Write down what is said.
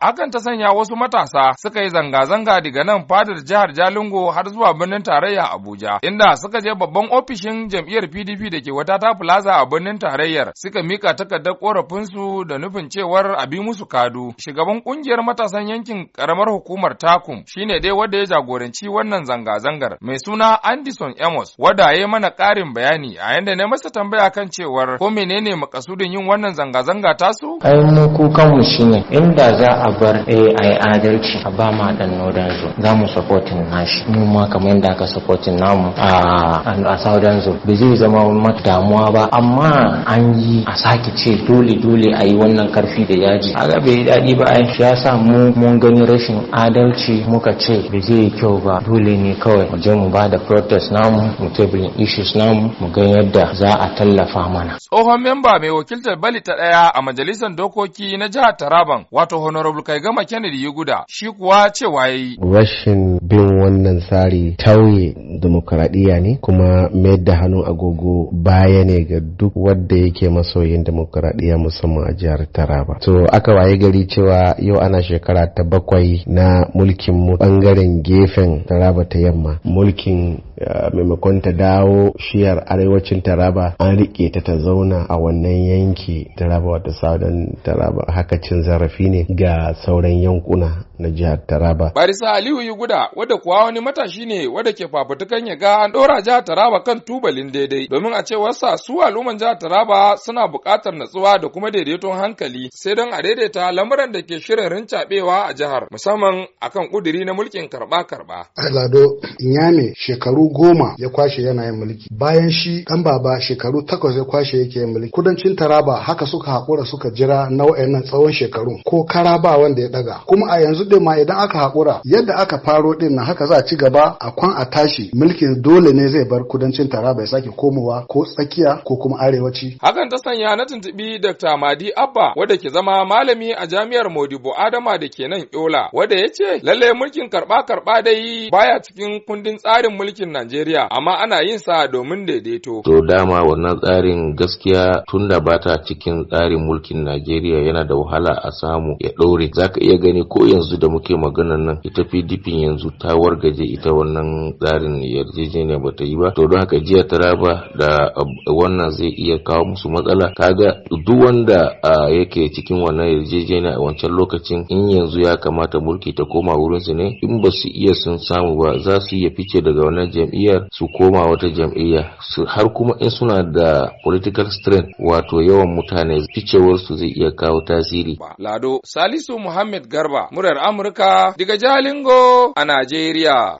Akan ta sanya wasu matasa suka yi zanga-zanga daga nan fadar jihar Jalingo har zuwa birnin tarayya Abuja, inda suka je babban ofishin jam'iyyar PDP da ke wata Watata Plaza a birnin tarayyar suka mika takardar korafinsu da nufin cewar a bi musu kadu. Shugaban kungiyar matasan yankin karamar hukumar Takum shine dai wanda ya jagoranci wannan zanga-zangar mai suna Anderson Amos wanda ya mana ƙarin bayani a yanda ne masa tambaya kan cewar ko menene makasudin yin wannan zanga-zanga tasu? Ai mu mu shine inda za a Abar, bar a adalci a ba ma dan nodan zu za mu supportin nashi mu ma kamar yadda aka supportin namu a saudan zu ba zai zama mata damuwa ba amma an yi a sake ce dole dole a yi wannan karfi da yaji a ga bai daɗi ba ai ya sa mu mun gani rashin adalci muka ce ba zai yi kyau ba dole ne kawai mu je mu ba da protest namu mu tabbilin issues namu mu ga yadda za a tallafa mana tsohon memba mai wakiltar bali ta ɗaya a majalisar dokoki na jihar taraban wato honorable Dr. Gama Kennedy ya guda shi kuwa cewa yayi. Rashin bin wannan tsari tauye dimokuraɗiyya ne kuma mayar da hannu agogo baya ne ga duk wanda yake masoyin dimokuraɗiyya musamman a jihar Taraba. To aka waye gari cewa yau ana shekara ta bakwai na mulkin mu bangaren gefen Taraba ta yamma mulkin maimakon ta dawo shiyar arewacin taraba an rike ta ta zauna a wannan yanki taraba wata saudan taraba haka cin zarafi ne ga sauran yankuna na jihar taraba barisa aliyu yi guda wadda kuwa wani matashi ne wadda ke fafutukan ya ga an dora jihar taraba kan tubalin daidai domin a cewarsa su al'umman jihar taraba suna buƙatar natsuwa da kuma daidaiton hankali sai don a daidaita lamuran da ke shirin rincaɓewa a jihar musamman akan kuduri na mulkin karɓa-karɓa. Alado shekaru goma ya kwashe yana yin mulki bayan shi dan baba shekaru takwas ya kwashe yake yin mulki kudancin taraba haka suka haƙura suka jira na wayannan tsawon shekaru ko kara ba wanda ya daga kuma a yanzu din ma idan aka haƙura yadda aka faro din na haka za a ci gaba a kwan a tashi mulkin dole ne zai bar kudancin taraba ya sake komowa ko tsakiya ko kuma arewaci hakan ta sanya na tuntubi dr madi abba wanda ke zama malami a jami'ar modibo adama da ke nan yola wanda ya ce lallai mulkin karɓa karba dai baya cikin kundin tsarin mulkin Najeriya amma ana yin sa domin daidaito. To dama wannan tsarin gaskiya tunda ba ta cikin tsarin mulkin Najeriya yana da wahala a samu ya ɗore. Za ka iya gani ko yanzu da muke maganar nan ita PDP yanzu ta wargaje ita wannan tsarin yarjejeniya ba ta yi ba. To don haka jiya taraba da wannan zai iya kawo musu matsala. Kaga duk wanda yake cikin wannan yarjejeniya a wancan lokacin in yanzu ya kamata mulki ta koma wurinsu ne in ba su iya sun samu ba za su iya fice daga wannan jam'iyyar su koma wata jam'iyya har kuma in suna da political strength wato yawan mutane ficewar su zai iya kawo tasiri lado salisu muhammad garba murar amurka daga jalingo a najeriya